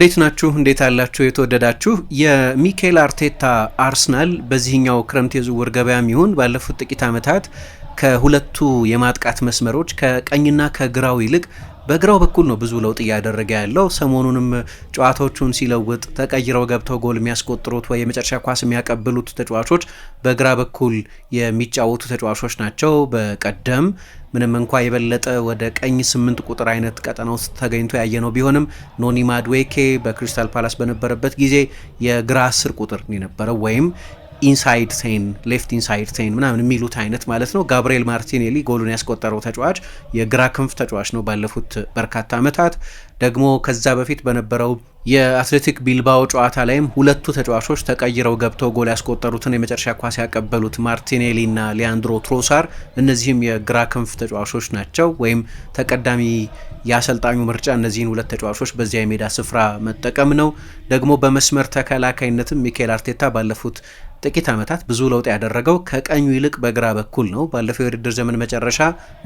እንዴት ናችሁ? እንዴት ያላችሁ የተወደዳችሁ የሚካኤል አርቴታ አርሰናል በዚህኛው ክረምት የዝውውር ገበያም ይሁን ባለፉት ጥቂት ዓመታት ከሁለቱ የማጥቃት መስመሮች ከቀኝና ከግራው ይልቅ በግራው በኩል ነው ብዙ ለውጥ እያደረገ ያለው። ሰሞኑንም ጨዋታዎቹን ሲለውጥ ተቀይረው ገብተው ጎል የሚያስቆጥሩት ወይ የመጨረሻ ኳስ የሚያቀብሉት ተጫዋቾች በግራ በኩል የሚጫወቱ ተጫዋቾች ናቸው። በቀደም ምንም እንኳ የበለጠ ወደ ቀኝ ስምንት ቁጥር አይነት ቀጠና ውስጥ ተገኝቶ ያየ ነው ቢሆንም ኖኒ ማድዌኬ በክሪስታል ፓላስ በነበረበት ጊዜ የግራ አስር ቁጥር የነበረው ወይም ኢንሳይድ ሴን ሌፍት ኢንሳይድ ሴን ምናምን የሚሉት አይነት ማለት ነው። ጋብሪኤል ማርቲኔሊ ጎሉን ያስቆጠረው ተጫዋች የግራ ክንፍ ተጫዋች ነው። ባለፉት በርካታ ዓመታት ደግሞ ከዛ በፊት በነበረው የአትሌቲክ ቢልባኦ ጨዋታ ላይም ሁለቱ ተጫዋቾች ተቀይረው ገብተው ጎል ያስቆጠሩትን የመጨረሻ ኳስ ያቀበሉት ማርቲኔሊ ሊያንድሮ ትሮሳር እነዚህም የግራ ክንፍ ተጫዋቾች ናቸው ወይም ተቀዳሚ የአሰልጣኙ ምርጫ እነዚህን ሁለት ተጫዋቾች በዚያ የሜዳ ስፍራ መጠቀም ነው። ደግሞ በመስመር ተከላካይነትም ሚካኤል አርቴታ ባለፉት ጥቂት ዓመታት ብዙ ለውጥ ያደረገው ከቀኙ ይልቅ በግራ በኩል ነው። ባለፈው የውድድር ዘመን መጨረሻ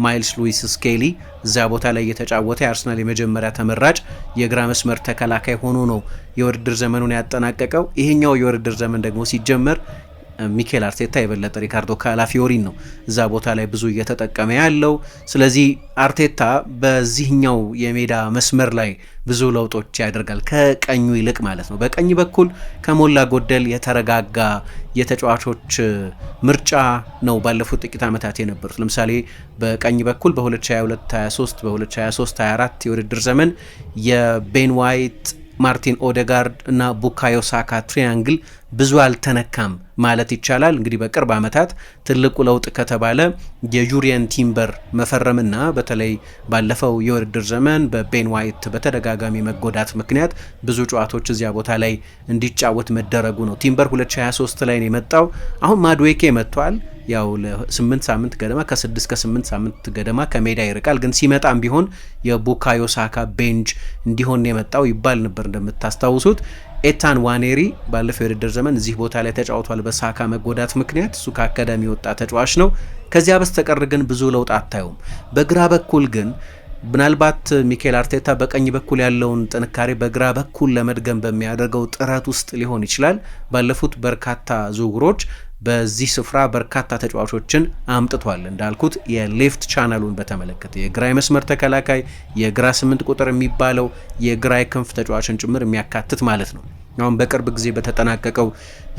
ማይልስ ሉዊስ ስኬሊ እዛ ቦታ ላይ የተጫወተ የአርሰናል የመጀመሪያ ተመራጭ የግራ መስመር ተከላካይ ሆኖ ነው የውድድር ዘመኑን ያጠናቀቀው። ይሄኛው የውድድር ዘመን ደግሞ ሲጀመር ሚኬል አርቴታ የበለጠ ሪካርዶ ካላፊዮሪን ነው እዛ ቦታ ላይ ብዙ እየተጠቀመ ያለው። ስለዚህ አርቴታ በዚህኛው የሜዳ መስመር ላይ ብዙ ለውጦች ያደርጋል፣ ከቀኙ ይልቅ ማለት ነው። በቀኝ በኩል ከሞላ ጎደል የተረጋጋ የተጫዋቾች ምርጫ ነው ባለፉት ጥቂት ዓመታት የነበሩት። ለምሳሌ በቀኝ በኩል በ2022/23 በ2023/24 የውድድር ዘመን የቤን ዋይት ማርቲን ኦደጋርድ እና ቡካዮ ሳካ ትሪያንግል ብዙ አልተነካም ማለት ይቻላል። እንግዲህ በቅርብ ዓመታት ትልቁ ለውጥ ከተባለ የዩሪየን ቲምበር መፈረምና በተለይ ባለፈው የውድድር ዘመን በቤን ዋይት በተደጋጋሚ መጎዳት ምክንያት ብዙ ጨዋታዎች እዚያ ቦታ ላይ እንዲጫወት መደረጉ ነው። ቲምበር 2023 ላይ ነው የመጣው። አሁን ማድዌኬ መጥቷል። ያው ለስምንት ሳምንት ገደማ ከስድስት ከስምንት ሳምንት ገደማ ከሜዳ ይርቃል። ግን ሲመጣም ቢሆን የቡካዮ ሳካ ቤንጅ እንዲሆን የመጣው ይባል ነበር። እንደምታስታውሱት ኤታን ዋኔሪ ባለፈው የውድድር ዘመን እዚህ ቦታ ላይ ተጫውቷል። በሳካ መጎዳት ምክንያት እሱ ከአካዳሚ የወጣ ተጫዋች ነው። ከዚያ በስተቀር ግን ብዙ ለውጥ አታዩም። በግራ በኩል ግን ምናልባት ሚኬል አርቴታ በቀኝ በኩል ያለውን ጥንካሬ በግራ በኩል ለመድገም በሚያደርገው ጥረት ውስጥ ሊሆን ይችላል። ባለፉት በርካታ ዝውውሮች በዚህ ስፍራ በርካታ ተጫዋቾችን አምጥቷል። እንዳልኩት የሌፍት ቻናሉን በተመለከተ የግራ መስመር ተከላካይ፣ የግራ ስምንት ቁጥር የሚባለው የግራ ክንፍ ተጫዋችን ጭምር የሚያካትት ማለት ነው። አሁን በቅርብ ጊዜ በተጠናቀቀው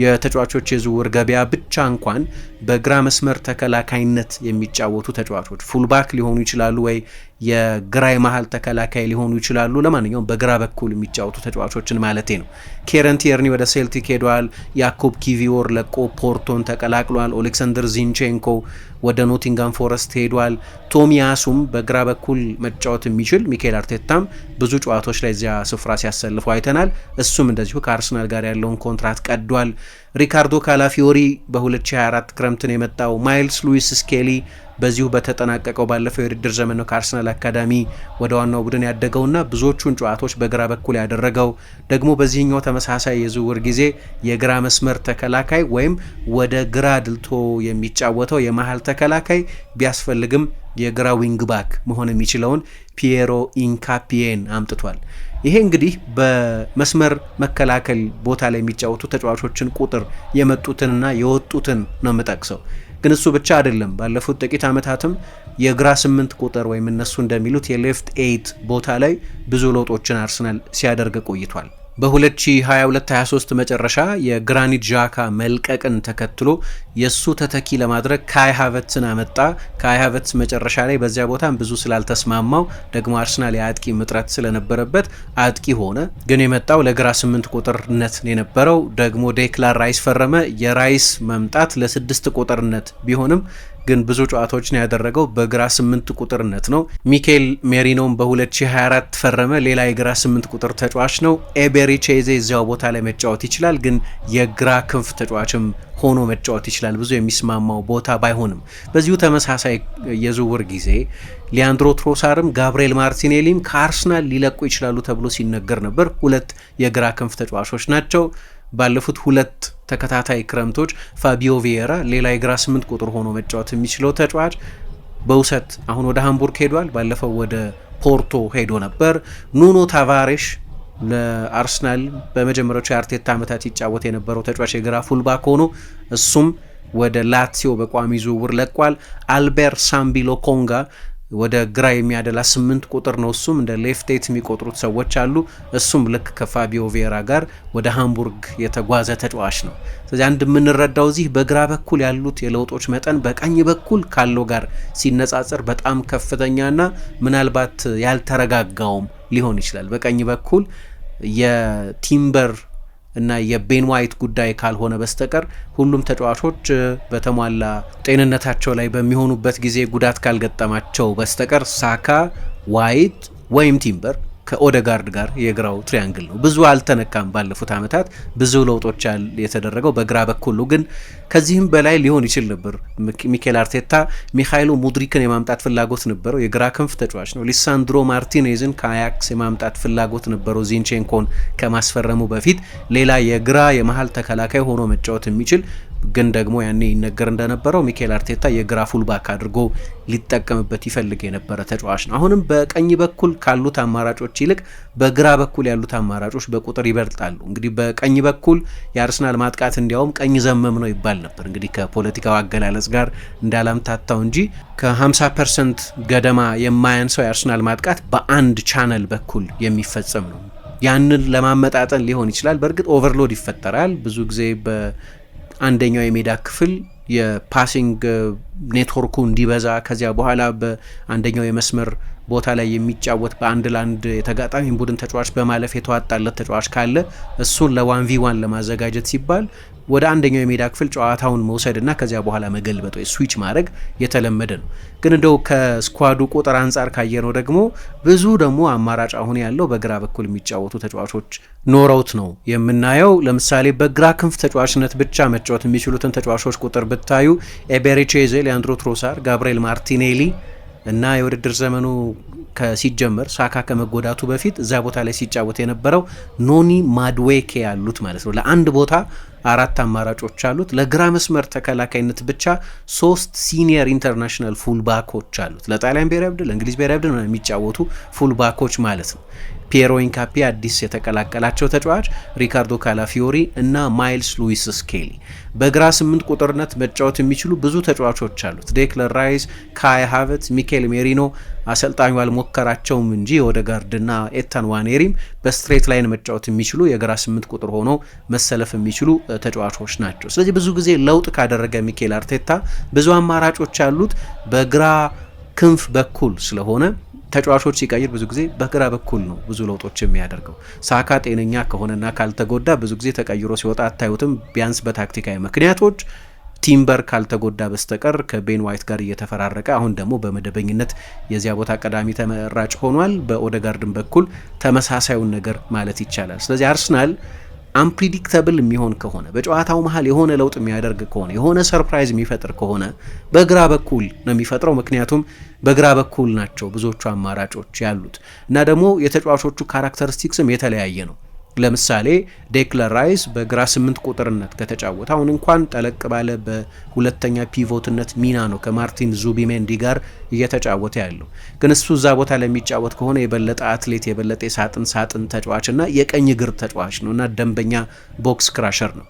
የተጫዋቾች የዝውውር ገበያ ብቻ እንኳን በግራ መስመር ተከላካይነት የሚጫወቱ ተጫዋቾች ፉልባክ ሊሆኑ ይችላሉ፣ ወይ የግራ የመሀል ተከላካይ ሊሆኑ ይችላሉ። ለማንኛውም በግራ በኩል የሚጫወቱ ተጫዋቾችን ማለቴ ነው። ኬረን ቲርኒ ወደ ሴልቲክ ሄደዋል። ያኮብ ኪቪዮር ለቆ ፖርቶን ተቀላቅሏል። ኦሌክሳንደር ዚንቼንኮ ወደ ኖቲንጋም ፎረስት ሄዷል። ቶሚያሱም በግራ በኩል መጫወት የሚችል ሚካኤል አርቴታም ብዙ ጨዋታዎች ላይ እዚያ ስፍራ ሲያሰልፈው አይተናል። እሱም እንደዚሁ ከአርሰናል ጋር ያለውን ኮንትራት ቀዷል። ሪካርዶ ካላፊዮሪ በ2024 ክረምትን የመጣው ማይልስ ሉዊስ ስኬሊ በዚሁ በተጠናቀቀው ባለፈው የውድድር ዘመን ነው ከአርሰናል አካዳሚ ወደ ዋናው ቡድን ያደገውና ብዙዎቹን ጨዋታዎች በግራ በኩል ያደረገው ደግሞ በዚህኛው ተመሳሳይ የዝውውር ጊዜ የግራ መስመር ተከላካይ ወይም ወደ ግራ ድልቶ የሚጫወተው የመሀል ተከላካይ ቢያስፈልግም የግራ ዊንግ ባክ መሆን የሚችለውን ፒየሮ ኢንካፒን አምጥቷል። ይሄ እንግዲህ በመስመር መከላከል ቦታ ላይ የሚጫወቱ ተጫዋቾችን ቁጥር የመጡትንና የወጡትን ነው የምጠቅሰው። ግን እሱ ብቻ አይደለም። ባለፉት ጥቂት ዓመታትም የግራ ስምንት ቁጥር ወይም እነሱ እንደሚሉት የሌፍት ኤይት ቦታ ላይ ብዙ ለውጦችን አርሰናል ሲያደርግ ቆይቷል። በ2022/23 መጨረሻ የግራኒት ዣካ መልቀቅን ተከትሎ የእሱ ተተኪ ለማድረግ ካይ ሃቨርትዝን አመጣ። ካይ ሃቨርትዝ መጨረሻ ላይ በዚያ ቦታም ብዙ ስላልተስማማው ደግሞ አርሰናል የአጥቂ ምጥረት ስለነበረበት አጥቂ ሆነ። ግን የመጣው ለግራ ስምንት ቁጥርነት የነበረው ደግሞ ዴክላን ራይስ ፈረመ። የራይስ መምጣት ለስድስት ቁጥርነት ቢሆንም ግን ብዙ ጨዋታዎችን ያደረገው በግራ ስምንት ቁጥርነት ነው። ሚኬል ሜሪኖም በ2024 ፈረመ። ሌላ የግራ ስምንት ቁጥር ተጫዋች ነው። ኤቤሪ ቼዜ እዚያው ቦታ ላይ መጫወት ይችላል፣ ግን የግራ ክንፍ ተጫዋችም ሆኖ መጫወት ይችላል። ብዙ የሚስማማው ቦታ ባይሆንም በዚሁ ተመሳሳይ የዝውውር ጊዜ ሊያንድሮ ትሮሳርም ጋብርኤል ማርቲኔሊም ከአርስናል ሊለቁ ይችላሉ ተብሎ ሲነገር ነበር። ሁለት የግራ ክንፍ ተጫዋቾች ናቸው። ባለፉት ሁለት ተከታታይ ክረምቶች ፋቢዮ ቪዬራ ሌላ የግራ ስምንት ቁጥር ሆኖ መጫወት የሚችለው ተጫዋች በውሰት አሁን ወደ ሃምቡርግ ሄዷል። ባለፈው ወደ ፖርቶ ሄዶ ነበር። ኑኖ ታቫሬሽ ለአርሰናል በመጀመሪያዎቹ የአርቴታ ዓመታት ይጫወት የነበረው ተጫዋች የግራ ፉልባክ ሆኖ እሱም ወደ ላትሲዮ በቋሚ ዝውውር ለቋል። አልበር ሳምቢሎ ኮንጋ ወደ ግራ የሚያደላ ስምንት ቁጥር ነው። እሱም እንደ ሌፍቴት የሚቆጥሩት ሰዎች አሉ። እሱም ልክ ከፋቢዮ ቬራ ጋር ወደ ሃምቡርግ የተጓዘ ተጫዋች ነው። ስለዚህ አንድ የምንረዳው እዚህ በግራ በኩል ያሉት የለውጦች መጠን በቀኝ በኩል ካለው ጋር ሲነጻጽር በጣም ከፍተኛና ምናልባት ያልተረጋጋውም ሊሆን ይችላል። በቀኝ በኩል የቲምበር እና የቤን ዋይት ጉዳይ ካልሆነ በስተቀር ሁሉም ተጫዋቾች በተሟላ ጤንነታቸው ላይ በሚሆኑበት ጊዜ ጉዳት ካልገጠማቸው በስተቀር ሳካ፣ ዋይት ወይም ቲምበር ከኦደጋርድ ጋር የግራው ትሪያንግል ነው። ብዙ አልተነካም። ባለፉት ዓመታት ብዙ ለውጦች የተደረገው በግራ በኩል ነው። ግን ከዚህም በላይ ሊሆን ይችል ነበር። ሚኬል አርቴታ ሚካይሎ ሙድሪክን የማምጣት ፍላጎት ነበረው። የግራ ክንፍ ተጫዋች ነው። ሊሳንድሮ ማርቲኔዝን ከአያክስ የማምጣት ፍላጎት ነበረው። ዚንቼንኮን ከማስፈረሙ በፊት ሌላ የግራ የመሀል ተከላካይ ሆኖ መጫወት የሚችል ግን ደግሞ ያኔ ይነገር እንደነበረው ሚካኤል አርቴታ የግራ ፉልባክ አድርጎ ሊጠቀምበት ይፈልግ የነበረ ተጫዋች ነው። አሁንም በቀኝ በኩል ካሉት አማራጮች ይልቅ በግራ በኩል ያሉት አማራጮች በቁጥር ይበልጣሉ። እንግዲህ በቀኝ በኩል የአርሰናል ማጥቃት እንዲያውም ቀኝ ዘመም ነው ይባል ነበር። እንግዲህ ከፖለቲካው አገላለጽ ጋር እንዳላምታታው እንጂ ከ50 ፐርሰንት ገደማ የማያንሰው የአርሰናል ማጥቃት በአንድ ቻነል በኩል የሚፈጸም ነው። ያንን ለማመጣጠን ሊሆን ይችላል። በእርግጥ ኦቨርሎድ ይፈጠራል ብዙ ጊዜ አንደኛው የሜዳ ክፍል የፓሲንግ uh, ኔትወርኩ እንዲበዛ ከዚያ በኋላ በአንደኛው የመስመር ቦታ ላይ የሚጫወት በአንድ ለአንድ የተጋጣሚ ቡድን ተጫዋች በማለፍ የተዋጣለት ተጫዋች ካለ እሱን ለዋን ቪ ዋን ለማዘጋጀት ሲባል ወደ አንደኛው የሜዳ ክፍል ጨዋታውን መውሰድና ከዚያ በኋላ መገልበጥ ወይ ስዊች ማድረግ የተለመደ ነው። ግን እንደው ከስኳዱ ቁጥር አንጻር ካየ ነው ደግሞ ብዙ ደግሞ አማራጭ አሁን ያለው በግራ በኩል የሚጫወቱ ተጫዋቾች ኖረውት ነው የምናየው። ለምሳሌ በግራ ክንፍ ተጫዋችነት ብቻ መጫወት የሚችሉትን ተጫዋቾች ቁጥር ብታዩ ኤቤሬቼዜ፣ ሊያንድሮ ትሮሳር፣ ጋብርኤል ማርቲኔሊ እና የውድድር ዘመኑ ከሲጀመር ሳካ ከመጎዳቱ በፊት እዛ ቦታ ላይ ሲጫወት የነበረው ኖኒ ማድዌኬ ያሉት ማለት ነው ለአንድ ቦታ አራት አማራጮች አሉት። ለግራ መስመር ተከላካይነት ብቻ ሶስት ሲኒየር ኢንተርናሽናል ፉልባኮች አሉት። ለጣሊያን ብሔራዊ ቡድን፣ ለእንግሊዝ ብሔራዊ ቡድን የሚጫወቱ ፉልባኮች ማለት ነው። ፒየሮ ኢንካፒ አዲስ የተቀላቀላቸው ተጫዋች፣ ሪካርዶ ካላፊዮሪ እና ማይልስ ሉዊስ ስኬሊ። በግራ ስምንት ቁጥርነት መጫወት የሚችሉ ብዙ ተጫዋቾች አሉት። ዴክለር ራይስ፣ ካይ ሀቨት፣ ሚኬል ሜሪኖ አሰልጣኙ አልሞከራቸውም እንጂ የኦደጋርድና ኤታን ዋኔሪም በስትሬት ላይን መጫወት የሚችሉ የግራ ስምንት ቁጥር ሆኖ መሰለፍ የሚችሉ ተጫዋቾች ናቸው። ስለዚህ ብዙ ጊዜ ለውጥ ካደረገ ሚኬል አርቴታ ብዙ አማራጮች ያሉት በግራ ክንፍ በኩል ስለሆነ ተጫዋቾች ሲቀይር ብዙ ጊዜ በግራ በኩል ነው ብዙ ለውጦች የሚያደርገው። ሳካ ጤነኛ ከሆነና ካልተጎዳ ብዙ ጊዜ ተቀይሮ ሲወጣ አታዩትም፣ ቢያንስ በታክቲካዊ ምክንያቶች። ቲምበር ካልተጎዳ በስተቀር ከቤን ዋይት ጋር እየተፈራረቀ አሁን ደግሞ በመደበኝነት የዚያ ቦታ ቀዳሚ ተመራጭ ሆኗል። በኦደጋርድን በኩል ተመሳሳዩን ነገር ማለት ይቻላል። ስለዚህ አርሰናል አንፕሪዲክተብል የሚሆን ከሆነ በጨዋታው መሀል የሆነ ለውጥ የሚያደርግ ከሆነ የሆነ ሰርፕራይዝ የሚፈጥር ከሆነ በግራ በኩል ነው የሚፈጥረው። ምክንያቱም በግራ በኩል ናቸው ብዙዎቹ አማራጮች ያሉት እና ደግሞ የተጫዋቾቹ ካራክተሪስቲክስም የተለያየ ነው። ለምሳሌ ዴክለር ራይስ በግራ ስምንት ቁጥርነት ከተጫወተ አሁን እንኳን ጠለቅ ባለ በሁለተኛ ፒቮትነት ሚና ነው ከማርቲን ዙቢሜንዲ ጋር እየተጫወተ ያለው። ግን እሱ እዛ ቦታ ለሚጫወት ከሆነ የበለጠ አትሌት የበለጠ የሳጥን ሳጥን ተጫዋች እና የቀኝ እግር ተጫዋች ነው እና ደንበኛ ቦክስ ክራሸር ነው።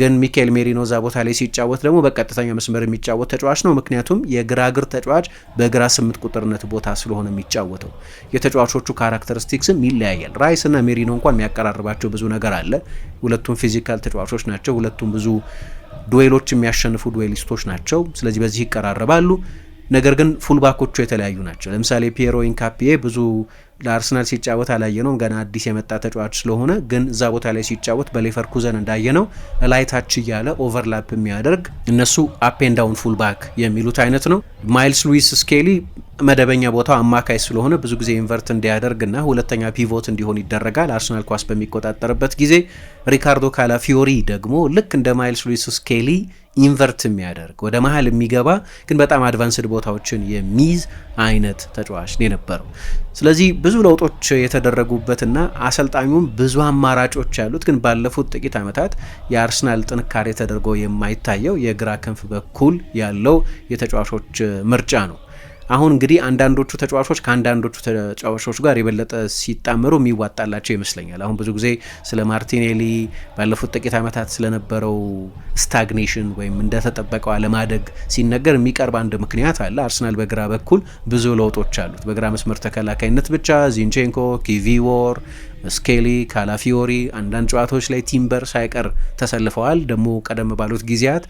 ግን ሚካኤል ሜሪኖ እዛ ቦታ ላይ ሲጫወት ደግሞ በቀጥተኛ መስመር የሚጫወት ተጫዋች ነው። ምክንያቱም የግራግር ተጫዋች በግራ ስምንት ቁጥርነት ቦታ ስለሆነ የሚጫወተው የተጫዋቾቹ ካራክተሪስቲክስም ይለያያል። ራይስ እና ሜሪኖ እንኳን የሚያቀራርባቸው ብዙ ነገር አለ። ሁለቱም ፊዚካል ተጫዋቾች ናቸው። ሁለቱም ብዙ ዱዌሎች የሚያሸንፉ ዱዌሊስቶች ናቸው። ስለዚህ በዚህ ይቀራረባሉ። ነገር ግን ፉልባኮቹ የተለያዩ ናቸው። ለምሳሌ ፒየሮ ኢንካፒዬ ብዙ ለአርሰናል ሲጫወት አላየ ነውም ገና አዲስ የመጣ ተጫዋች ስለሆነ ግን እዛ ቦታ ላይ ሲጫወት በሌቨርኩዘን እንዳየ ነው ላይታች እያለ ኦቨርላፕ የሚያደርግ እነሱ አፕ ኤንድ ዳውን ፉልባክ የሚሉት አይነት ነው። ማይልስ ሉዊስ ስኬሊ መደበኛ ቦታው አማካይ ስለሆነ ብዙ ጊዜ ኢንቨርት እንዲያደርግና ሁለተኛ ፒቮት እንዲሆን ይደረጋል። አርሰናል ኳስ በሚቆጣጠርበት ጊዜ ሪካርዶ ካላፊዮሪ ደግሞ ልክ እንደ ማይልስ ሉዊስ ስኬሊ ኢንቨርት የሚያደርግ ወደ መሀል የሚገባ ግን በጣም አድቫንስድ ቦታዎችን የሚይዝ አይነት ተጫዋች ነው የነበረው። ስለዚህ ብዙ ለውጦች የተደረጉበትና አሰልጣኙም ብዙ አማራጮች ያሉት ግን ባለፉት ጥቂት ዓመታት የአርሰናል ጥንካሬ ተደርጎ የማይታየው የግራ ክንፍ በኩል ያለው የተጫዋቾች ምርጫ ነው። አሁን እንግዲህ አንዳንዶቹ ተጫዋቾች ከአንዳንዶቹ ተጫዋቾች ጋር የበለጠ ሲጣመሩ የሚዋጣላቸው ይመስለኛል። አሁን ብዙ ጊዜ ስለ ማርቲኔሊ ባለፉት ጥቂት ዓመታት ስለነበረው ስታግኔሽን ወይም እንደተጠበቀው አለማደግ ሲነገር የሚቀርብ አንድ ምክንያት አለ። አርሰናል በግራ በኩል ብዙ ለውጦች አሉት። በግራ መስመር ተከላካይነት ብቻ ዚንቼንኮ፣ ኪቪዎር፣ ስኬሊ፣ ካላፊዮሪ አንዳንድ ጨዋታዎች ላይ ቲምበር ሳይቀር ተሰልፈዋል። ደግሞ ቀደም ባሉት ጊዜያት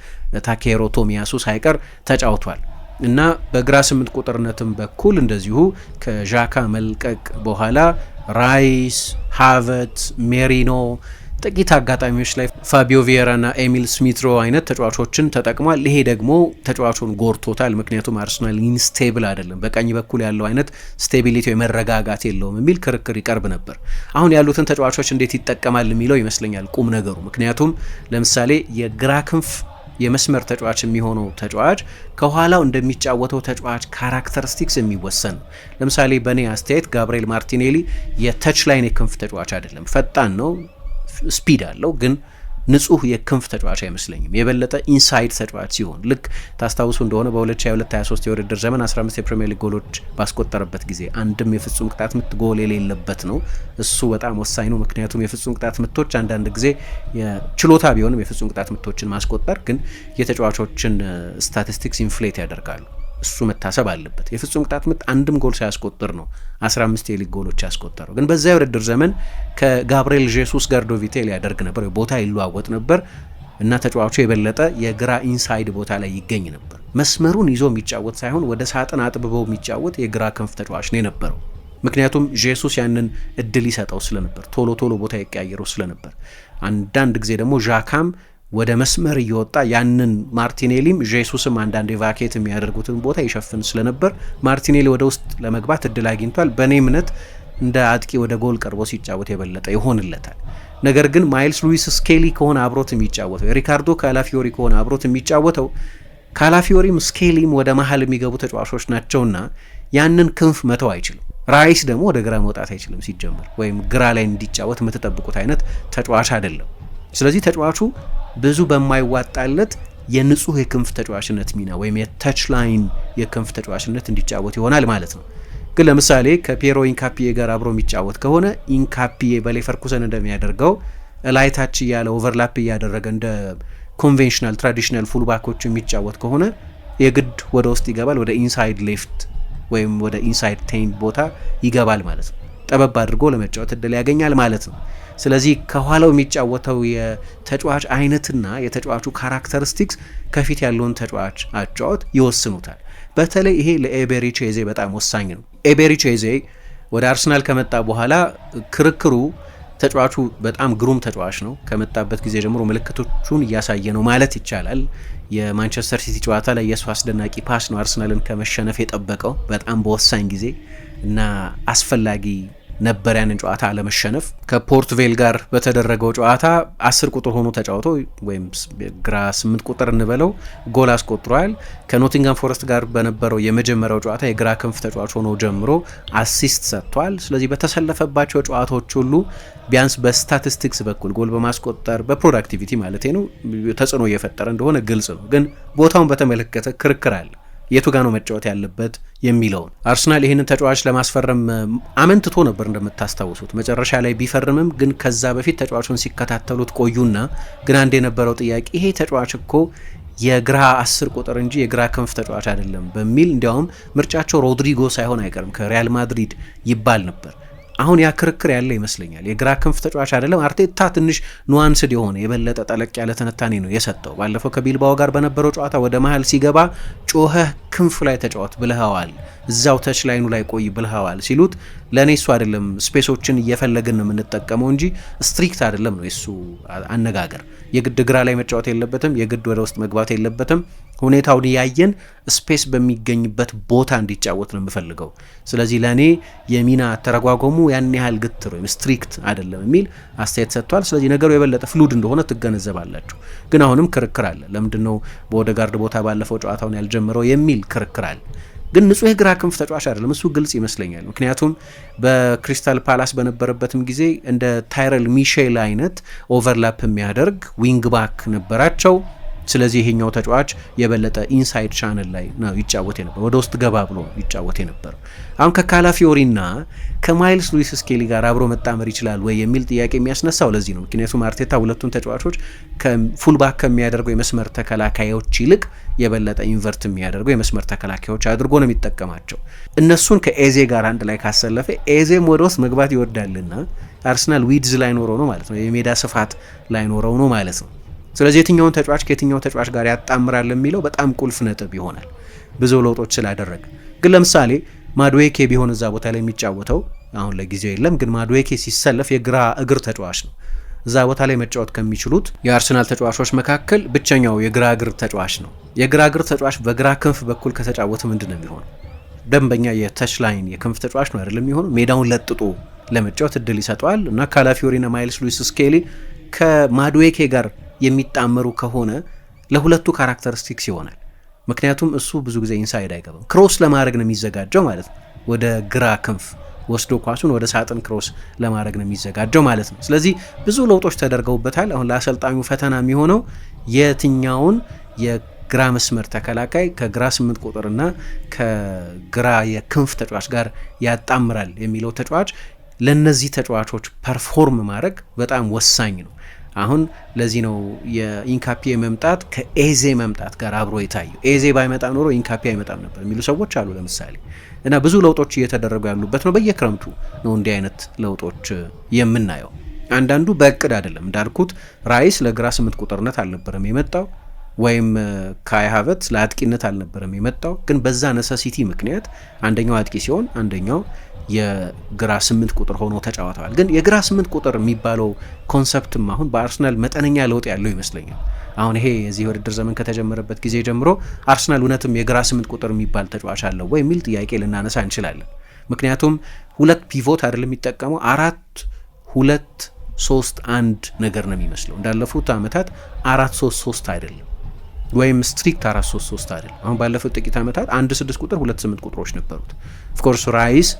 ታኬሮ ቶሚያሱ ሳይቀር ተጫውቷል። እና በግራ ስምንት ቁጥርነትም በኩል እንደዚሁ ከዣካ መልቀቅ በኋላ ራይስ፣ ሃቨት፣ ሜሪኖ ጥቂት አጋጣሚዎች ላይ ፋቢዮ ቪየራ ና ኤሚል ስሚትሮ አይነት ተጫዋቾችን ተጠቅሟል። ይሄ ደግሞ ተጫዋቹን ጎርቶታል። ምክንያቱም አርሰናል ኢንስቴብል አይደለም፣ በቀኝ በኩል ያለው አይነት ስቴቢሊቲ ወይ መረጋጋት የለውም የሚል ክርክር ይቀርብ ነበር። አሁን ያሉትን ተጫዋቾች እንዴት ይጠቀማል የሚለው ይመስለኛል ቁም ነገሩ። ምክንያቱም ለምሳሌ የግራ ክንፍ የመስመር ተጫዋች የሚሆነው ተጫዋች ከኋላው እንደሚጫወተው ተጫዋች ካራክተሪስቲክስ የሚወሰን ነው። ለምሳሌ በእኔ አስተያየት ጋብርኤል ማርቲኔሊ የተች ላይን የክንፍ ተጫዋች አይደለም። ፈጣን ነው፣ ስፒድ አለው ግን ንጹህ የክንፍ ተጫዋች አይመስለኝም። የበለጠ ኢንሳይድ ተጫዋች ሲሆን ልክ ታስታውሱ እንደሆነ በ2022/23 የውድድር ዘመን 15 የፕሪሚየር ሊግ ጎሎች ባስቆጠረበት ጊዜ አንድም የፍጹም ቅጣት ምት ጎል የሌለበት ነው። እሱ በጣም ወሳኝ ነው። ምክንያቱም የፍጹም ቅጣት ምቶች አንዳንድ ጊዜ ችሎታ ቢሆንም የፍጹም ቅጣት ምቶችን ማስቆጠር ግን የተጫዋቾችን ስታቲስቲክስ ኢንፍሌት ያደርጋሉ። እሱ መታሰብ አለበት። የፍጹም ቅጣት ምት አንድም ጎል ሳያስቆጥር ነው 15 የሊግ ጎሎች ያስቆጠረው። ግን በዚያ የውድድር ዘመን ከጋብርኤል ጄሱስ ጋር ዶቪቴል ያደርግ ነበር፣ ቦታ ይለዋወጥ ነበር እና ተጫዋቹ የበለጠ የግራ ኢንሳይድ ቦታ ላይ ይገኝ ነበር። መስመሩን ይዞ የሚጫወት ሳይሆን ወደ ሳጥን አጥብበው የሚጫወት የግራ ክንፍ ተጫዋች ነው የነበረው። ምክንያቱም ጄሱስ ያንን እድል ይሰጠው ስለነበር፣ ቶሎ ቶሎ ቦታ ይቀያየረው ስለነበር አንዳንድ ጊዜ ደግሞ ዣካም ወደ መስመር እየወጣ ያንን ማርቲኔሊም ጄሱስም አንዳንዴ ቫኬት የሚያደርጉትን ቦታ ይሸፍን ስለነበር ማርቲኔሊ ወደ ውስጥ ለመግባት እድል አግኝቷል። በእኔ እምነት እንደ አጥቂ ወደ ጎል ቀርቦ ሲጫወት የበለጠ ይሆንለታል። ነገር ግን ማይልስ ሉዊስ ስኬሊ ከሆነ አብሮት የሚጫወተው የሪካርዶ ካላፊዮሪ ከሆነ አብሮት የሚጫወተው ካላፊዮሪም ስኬሊም ወደ መሀል የሚገቡ ተጫዋቾች ናቸውና ያንን ክንፍ መተው አይችልም። ራይስ ደግሞ ወደ ግራ መውጣት አይችልም ሲጀምር፣ ወይም ግራ ላይ እንዲጫወት የምትጠብቁት አይነት ተጫዋች አይደለም። ስለዚህ ተጫዋቹ ብዙ በማይዋጣለት የንጹህ የክንፍ ተጫዋችነት ሚና ወይም የተች ላይን የክንፍ ተጫዋችነት እንዲጫወት ይሆናል ማለት ነው። ግን ለምሳሌ ከፔሮ ኢንካፒዬ ጋር አብሮ የሚጫወት ከሆነ ኢንካፒዬ በሌቨርኩሰን እንደሚያደርገው ላይታች እያለ ኦቨርላፕ እያደረገ እንደ ኮንቬንሽናል ትራዲሽናል ፉልባኮች የሚጫወት ከሆነ የግድ ወደ ውስጥ ይገባል። ወደ ኢንሳይድ ሌፍት ወይም ወደ ኢንሳይድ ቴን ቦታ ይገባል ማለት ነው። ጠበብ አድርጎ ለመጫወት እድል ያገኛል ማለት ነው። ስለዚህ ከኋላው የሚጫወተው የተጫዋች አይነትና የተጫዋቹ ካራክተሪስቲክስ ከፊት ያለውን ተጫዋች አጫወት ይወስኑታል። በተለይ ይሄ ለኤቤሪቼዜ በጣም ወሳኝ ነው። ኤቤሪቼዜ ወደ አርሰናል ከመጣ በኋላ ክርክሩ ተጫዋቹ በጣም ግሩም ተጫዋች ነው፣ ከመጣበት ጊዜ ጀምሮ ምልክቶቹን እያሳየ ነው ማለት ይቻላል። የማንቸስተር ሲቲ ጨዋታ ላይ የእሱ አስደናቂ ፓስ ነው አርሰናልን ከመሸነፍ የጠበቀው በጣም በወሳኝ ጊዜ እና አስፈላጊ ነበር ያንን ጨዋታ አለመሸነፍ። ከፖርትቬል ጋር በተደረገው ጨዋታ አስር ቁጥር ሆኖ ተጫውቶ ወይም ግራ ስምንት ቁጥር እንበለው ጎል አስቆጥሯል። ከኖቲንጋም ፎረስት ጋር በነበረው የመጀመሪያው ጨዋታ የግራ ክንፍ ተጫዋች ሆኖ ጀምሮ አሲስት ሰጥቷል። ስለዚህ በተሰለፈባቸው ጨዋታዎች ሁሉ ቢያንስ በስታቲስቲክስ በኩል ጎል በማስቆጠር በፕሮዳክቲቪቲ ማለት ነው ተጽዕኖ እየፈጠረ እንደሆነ ግልጽ ነው። ግን ቦታውን በተመለከተ ክርክር አለ። የቱ ጋ ነው መጫወት ያለበት የሚለውን አርሰናል ይህንን ተጫዋች ለማስፈረም አመንትቶ ነበር እንደምታስታውሱት። መጨረሻ ላይ ቢፈርምም ግን ከዛ በፊት ተጫዋቹን ሲከታተሉት ቆዩና ግን አንድ የነበረው ጥያቄ ይሄ ተጫዋች እኮ የግራ አስር ቁጥር እንጂ የግራ ክንፍ ተጫዋች አይደለም በሚል እንዲያውም ምርጫቸው ሮድሪጎ ሳይሆን አይቀርም ከሪያል ማድሪድ ይባል ነበር። አሁን ያ ክርክር ያለ ይመስለኛል። የግራ ክንፍ ተጫዋች አይደለም አርቴታ ትንሽ ኑዋንስድ የሆነ የበለጠ ጠለቅ ያለ ትንታኔ ነው የሰጠው። ባለፈው ከቢልባኦ ጋር በነበረው ጨዋታ ወደ መሀል ሲገባ ጮኸህ ክንፍ ላይ ተጫወት ብልሃዋል፣ እዛው ተች ላይኑ ላይ ቆይ ብልሃዋል ሲሉት ለእኔ እሱ አይደለም ስፔሶችን እየፈለግን ነው የምንጠቀመው እንጂ ስትሪክት አይደለም ነው የሱ አነጋገር። የግድ ግራ ላይ መጫወት የለበትም፣ የግድ ወደ ውስጥ መግባት የለበትም። ሁኔታውን ያየን ስፔስ በሚገኝበት ቦታ እንዲጫወት ነው የምፈልገው። ስለዚህ ለእኔ የሚና አተረጓጎሙ ያን ያህል ግትር ወይም ስትሪክት አይደለም የሚል አስተያየት ሰጥቷል። ስለዚህ ነገሩ የበለጠ ፍሉድ እንደሆነ ትገነዘባላችሁ። ግን አሁንም ክርክር አለ። ለምንድን ነው በኦደጋርድ ቦታ ባለፈው ጨዋታውን ያልጀመረው የሚል ክርክር አለ። ግን ንጹህ የግራ ክንፍ ተጫዋች አይደለም። እሱ ግልጽ ይመስለኛል። ምክንያቱም በክሪስታል ፓላስ በነበረበትም ጊዜ እንደ ታይረል ሚሼል አይነት ኦቨርላፕ የሚያደርግ ዊንግ ባክ ነበራቸው። ስለዚህ ይሄኛው ተጫዋች የበለጠ ኢንሳይድ ቻነል ላይ ነው ይጫወት የነበረው፣ ወደ ውስጥ ገባ ብሎ ይጫወት የነበረው። አሁን ከካላፊዮሪና ከማይልስ ሉዊስ ስኬሊ ጋር አብሮ መጣመር ይችላል ወይ የሚል ጥያቄ የሚያስነሳው ለዚህ ነው። ምክንያቱም አርቴታ ሁለቱን ተጫዋቾች ፉልባክ ከሚያደርገው የመስመር ተከላካዮች ይልቅ የበለጠ ኢንቨርት የሚያደርገው የመስመር ተከላካዮች አድርጎ ነው የሚጠቀማቸው። እነሱን ከኤዜ ጋር አንድ ላይ ካሰለፈ ኤዜም ወደ ውስጥ መግባት ይወዳልና አርሰናል ዊድዝ ላይኖረው ነው ማለት ነው፣ የሜዳ ስፋት ላይኖረው ነው ማለት ነው። ስለዚህ የትኛውን ተጫዋች ከየትኛው ተጫዋች ጋር ያጣምራል የሚለው በጣም ቁልፍ ነጥብ ይሆናል ብዙ ለውጦች ስላደረገ ግን ለምሳሌ ማድዌኬ ቢሆን እዛ ቦታ ላይ የሚጫወተው አሁን ለጊዜው የለም፣ ግን ማድዌኬ ሲሰለፍ የግራ እግር ተጫዋች ነው። እዛ ቦታ ላይ መጫወት ከሚችሉት የአርሰናል ተጫዋቾች መካከል ብቸኛው የግራ እግር ተጫዋች ነው። የግራ እግር ተጫዋች በግራ ክንፍ በኩል ከተጫወተ ምንድን ነው የሚሆነው? ደንበኛ የተች ላይን የክንፍ ተጫዋች ነው አይደለም የሚሆነው። ሜዳውን ለጥጦ ለመጫወት እድል ይሰጠዋል እና ካላፊዮሪና ማይልስ ሉዊስ ስኬሊ ከማድዌኬ ጋር የሚጣመሩ ከሆነ ለሁለቱ ካራክተሪስቲክስ ይሆናል። ምክንያቱም እሱ ብዙ ጊዜ ኢንሳይድ አይገባም። ክሮስ ለማድረግ ነው የሚዘጋጀው ማለት ነው። ወደ ግራ ክንፍ ወስዶ ኳሱን ወደ ሳጥን ክሮስ ለማድረግ ነው የሚዘጋጀው ማለት ነው። ስለዚህ ብዙ ለውጦች ተደርገውበታል። አሁን ለአሰልጣኙ ፈተና የሚሆነው የትኛውን የግራ መስመር ተከላካይ ከግራ ስምንት ቁጥርና ከግራ የክንፍ ተጫዋች ጋር ያጣምራል የሚለው ተጫዋች ለእነዚህ ተጫዋቾች ፐርፎርም ማድረግ በጣም ወሳኝ ነው። አሁን ለዚህ ነው የኢንካፒዬ መምጣት ከኤዜ መምጣት ጋር አብሮ የታየው። ኤዜ ባይመጣ ኖሮ ኢንካፒ አይመጣም ነበር የሚሉ ሰዎች አሉ ለምሳሌ እና ብዙ ለውጦች እየተደረጉ ያሉበት ነው። በየክረምቱ ነው እንዲህ አይነት ለውጦች የምናየው። አንዳንዱ በእቅድ አይደለም እንዳልኩት፣ ራይስ ለግራ ስምንት ቁጥርነት አልነበረም የመጣው ወይም ካይ ለአጥቂነት አልነበረም የመጣው። ግን በዛ ነሰሲቲ ምክንያት አንደኛው አጥቂ ሲሆን አንደኛው የግራ ስምንት ቁጥር ሆኖ ተጫውተዋል። ግን የግራ ስምንት ቁጥር የሚባለው ኮንሰፕትም አሁን በአርሰናል መጠነኛ ለውጥ ያለው ይመስለኛል። አሁን ይሄ የዚህ ውድድር ዘመን ከተጀመረበት ጊዜ ጀምሮ አርሰናል እውነትም የግራ ስምንት ቁጥር የሚባል ተጫዋች አለው ወይ የሚል ጥያቄ ልናነሳ እንችላለን። ምክንያቱም ሁለት ፒቮት አይደለም የሚጠቀመው አራት ሁለት ሶስት አንድ ነገር ነው የሚመስለው። እንዳለፉት ዓመታት አራት ሶስት ሶስት አይደለም ወይም ስትሪክት አራት ሶስት ሶስት አይደለም። አሁን ባለፉት ጥቂት ዓመታት አንድ ስድስት ቁጥር ሁለት ስምንት ቁጥሮች ነበሩት። ኦፍኮርስ ራይስ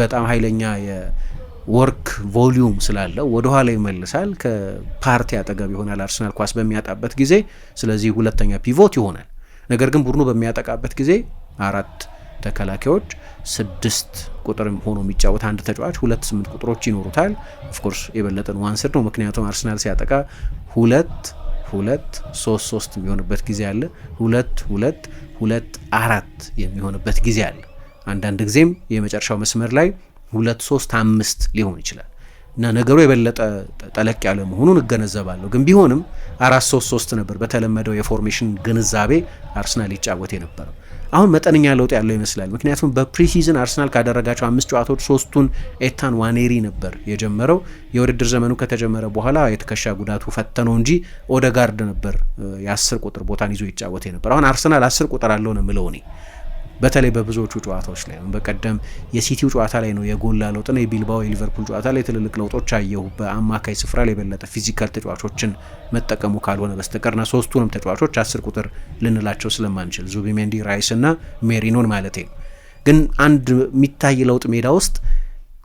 በጣም ኃይለኛ የወርክ ቮሊዩም ስላለው ወደኋላ ይመልሳል። ከፓርቲ አጠገብ ይሆናል አርሰናል ኳስ በሚያጣበት ጊዜ። ስለዚህ ሁለተኛ ፒቮት ይሆናል። ነገር ግን ቡድኑ በሚያጠቃበት ጊዜ አራት ተከላካዮች ስድስት ቁጥር ሆኖ የሚጫወት አንድ ተጫዋች ሁለት ስምንት ቁጥሮች ይኖሩታል። ኦፍኮርስ የበለጠን ዋንስድ ነው። ምክንያቱም አርሰናል ሲያጠቃ ሁለት ሁለት ሶስት ሶስት የሚሆንበት ጊዜ አለ። ሁለት ሁለት ሁለት አራት የሚሆንበት ጊዜ አለ። አንዳንድ ጊዜም የመጨረሻው መስመር ላይ ሁለት ሶስት አምስት ሊሆን ይችላል እና ነገሩ የበለጠ ጠለቅ ያለ መሆኑን እገነዘባለሁ። ግን ቢሆንም አራት ሶስት ሶስት ነበር በተለመደው የፎርሜሽን ግንዛቤ አርሰናል ይጫወት የነበረው። አሁን መጠነኛ ለውጥ ያለው ይመስላል። ምክንያቱም በፕሪሲዝን አርሰናል ካደረጋቸው አምስት ጨዋታዎች ሶስቱን ኤታን ዋኔሪ ነበር የጀመረው። የውድድር ዘመኑ ከተጀመረ በኋላ የትከሻ ጉዳቱ ፈተነው እንጂ ኦደጋርድ ነበር የአስር ቁጥር ቦታን ይዞ ይጫወት ነበር። አሁን አርሰናል አስር ቁጥር አለው ነው ምለው እኔ በተለይ በብዙዎቹ ጨዋታዎች ላይ በቀደም የሲቲው ጨዋታ ላይ ነው የጎላ ለውጥ ነው። የቢልባው የሊቨርፑል ጨዋታ ላይ ትልልቅ ለውጦች አየሁ። በአማካይ ስፍራ ላይ የበለጠ ፊዚካል ተጫዋቾችን መጠቀሙ ካልሆነ በስተቀርና ሶስቱንም ተጫዋቾች አስር ቁጥር ልንላቸው ስለማንችል ዙቢሜንዲ፣ ራይስ እና ሜሪኖን ማለት ነው። ግን አንድ የሚታይ ለውጥ ሜዳ ውስጥ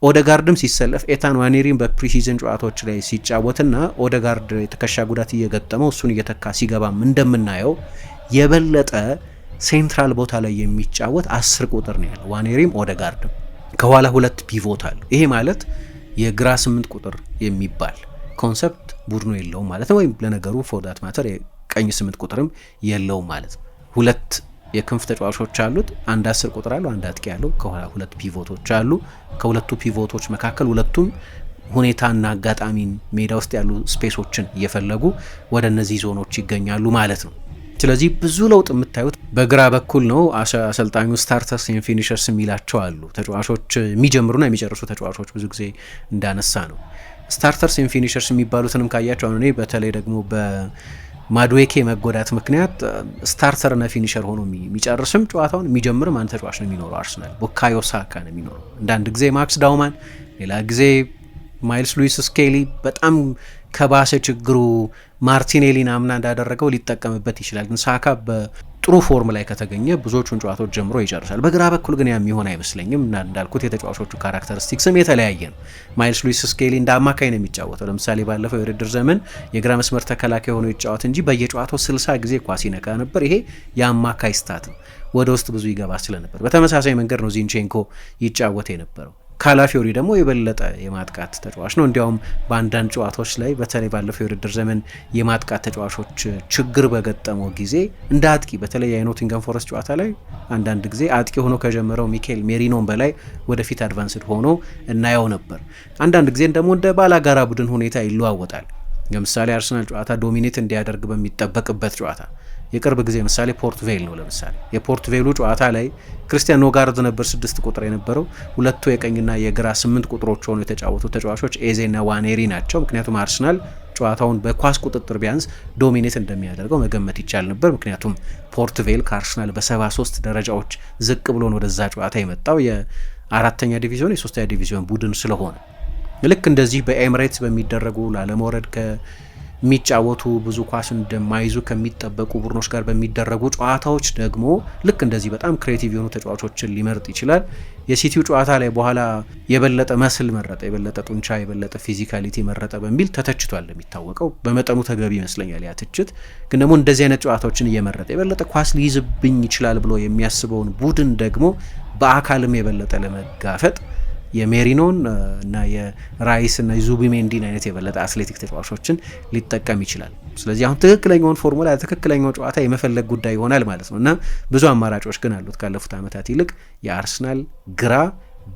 ኦደጋርድም ሲሰለፍ ኤታን ዋኔሪም በፕሪሲዝን ጨዋታዎች ላይ ሲጫወትና ኦደጋርድ የትከሻ ጉዳት እየገጠመው እሱን እየተካ ሲገባም እንደምናየው የበለጠ ሴንትራል ቦታ ላይ የሚጫወት አስር ቁጥር ነው ያለው። ዋኔሪም ኦደጋርድም ከኋላ ሁለት ፒቮት አሉ። ይሄ ማለት የግራ ስምንት ቁጥር የሚባል ኮንሰፕት ቡድኑ የለውም ማለት ነው። ወይም ለነገሩ ፎርዳት ማተር የቀኝ ስምንት ቁጥርም የለውም ማለት ነው። ሁለት የክንፍ ተጫዋቾች አሉት። አንድ አስር ቁጥር አለው፣ አንድ አጥቂ ያለው፣ ከኋላ ሁለት ፒቮቶች አሉ። ከሁለቱ ፒቮቶች መካከል ሁለቱም ሁኔታና አጋጣሚን ሜዳ ውስጥ ያሉ ስፔሶችን እየፈለጉ ወደ እነዚህ ዞኖች ይገኛሉ ማለት ነው። ስለዚህ ብዙ ለውጥ የምታዩት በግራ በኩል ነው። አሰልጣኙ ስታርተርስ ኤንድ ፊኒሸርስ የሚላቸው አሉ። ተጫዋቾች የሚጀምሩና የሚጨርሱ ተጫዋቾች ብዙ ጊዜ እንዳነሳ ነው። ስታርተርስ ኤንድ ፊኒሸርስ የሚባሉትንም ካያቸው አሁን እኔ በተለይ ደግሞ በማድዌኬ መጎዳት ምክንያት ስታርተርና ፊኒሸር ሆኖ የሚጨርስም ጨዋታውን የሚጀምርም አንድ ተጫዋች ነው የሚኖረው። አርሰናል ቡካዮ ሳካ ነው የሚኖረው። አንዳንድ ጊዜ ማክስ ዳውማን፣ ሌላ ጊዜ ማይልስ ሉዊስ ስኬሊ በጣም ከባሰ ችግሩ ማርቲኔሊን አምና እንዳደረገው ሊጠቀምበት ይችላል። ግን ሳካ በጥሩ ፎርም ላይ ከተገኘ ብዙዎቹን ጨዋታዎች ጀምሮ ይጨርሳል። በግራ በኩል ግን ያም ይሆን አይመስለኝም እና እንዳልኩት የተጫዋቾቹ ካራክተሪስቲክስም የተለያየ ነው። ማይልስ ሉዊስ ስኬሊ እንደ አማካኝ ነው የሚጫወተው። ለምሳሌ ባለፈው የውድድር ዘመን የግራ መስመር ተከላካይ ሆኖ ይጫወት እንጂ በየጨዋታው 60 ጊዜ ኳስ ይነካ ነበር። ይሄ የአማካይ ስታት ነው። ወደ ውስጥ ብዙ ይገባ ስለነበር በተመሳሳይ መንገድ ነው ዚንቼንኮ ይጫወት የነበረው። ካላፊዮሪ ደግሞ የበለጠ የማጥቃት ተጫዋች ነው። እንዲያውም በአንዳንድ ጨዋታዎች ላይ በተለይ ባለፈው የውድድር ዘመን የማጥቃት ተጫዋቾች ችግር በገጠመው ጊዜ እንደ አጥቂ በተለይ የኖቲንገም ፎረስት ጨዋታ ላይ አንዳንድ ጊዜ አጥቂ ሆኖ ከጀመረው ሚካኤል ሜሪኖን በላይ ወደፊት አድቫንስድ ሆኖ እናየው ነበር። አንዳንድ ጊዜ ደግሞ እንደ ባላጋራ ቡድን ሁኔታ ይለዋወጣል። ለምሳሌ አርሰናል ጨዋታ ዶሚኔት እንዲያደርግ በሚጠበቅበት ጨዋታ የቅርብ ጊዜ ምሳሌ ፖርት ቬል ነው። ለምሳሌ የፖርት ቬሉ ጨዋታ ላይ ክርስቲያን ኖጋርድ ነበር ስድስት ቁጥር የነበረው። ሁለቱ የቀኝና የግራ ስምንት ቁጥሮች ሆነው የተጫወቱ ተጫዋቾች ኤዜና ዋኔሪ ናቸው። ምክንያቱም አርሰናል ጨዋታውን በኳስ ቁጥጥር ቢያንስ ዶሚኔት እንደሚያደርገው መገመት ይቻል ነበር። ምክንያቱም ፖርት ቬል ከአርሰናል በ73 ደረጃዎች ዝቅ ብሎን ወደዛ ጨዋታ የመጣው የአራተኛ ዲቪዚዮን የሶስተኛ ዲቪዚዮን ቡድን ስለሆነ ልክ እንደዚህ በኤምሬትስ በሚደረጉ ላለመውረድ ከ የሚጫወቱ ብዙ ኳስ እንደማይዙ ከሚጠበቁ ቡድኖች ጋር በሚደረጉ ጨዋታዎች ደግሞ ልክ እንደዚህ በጣም ክሬቲቭ የሆኑ ተጫዋቾችን ሊመርጥ ይችላል። የሲቲው ጨዋታ ላይ በኋላ የበለጠ መስል መረጠ፣ የበለጠ ጡንቻ፣ የበለጠ ፊዚካሊቲ መረጠ በሚል ተተችቷል። የሚታወቀው በመጠኑ ተገቢ ይመስለኛል ያ ትችት። ግን ደግሞ እንደዚህ አይነት ጨዋታዎችን እየመረጠ የበለጠ ኳስ ሊይዝብኝ ይችላል ብሎ የሚያስበውን ቡድን ደግሞ በአካልም የበለጠ ለመጋፈጥ የሜሪኖን እና የራይስ እና የዙቢሜንዲን አይነት የበለጠ አትሌቲክ ተጫዋቾችን ሊጠቀም ይችላል። ስለዚህ አሁን ትክክለኛውን ፎርሙላ ትክክለኛው ጨዋታ የመፈለግ ጉዳይ ይሆናል ማለት ነው እና ብዙ አማራጮች ግን አሉት። ካለፉት ዓመታት ይልቅ የአርሰናል ግራ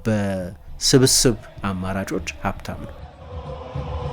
በስብስብ አማራጮች ሀብታም ነው።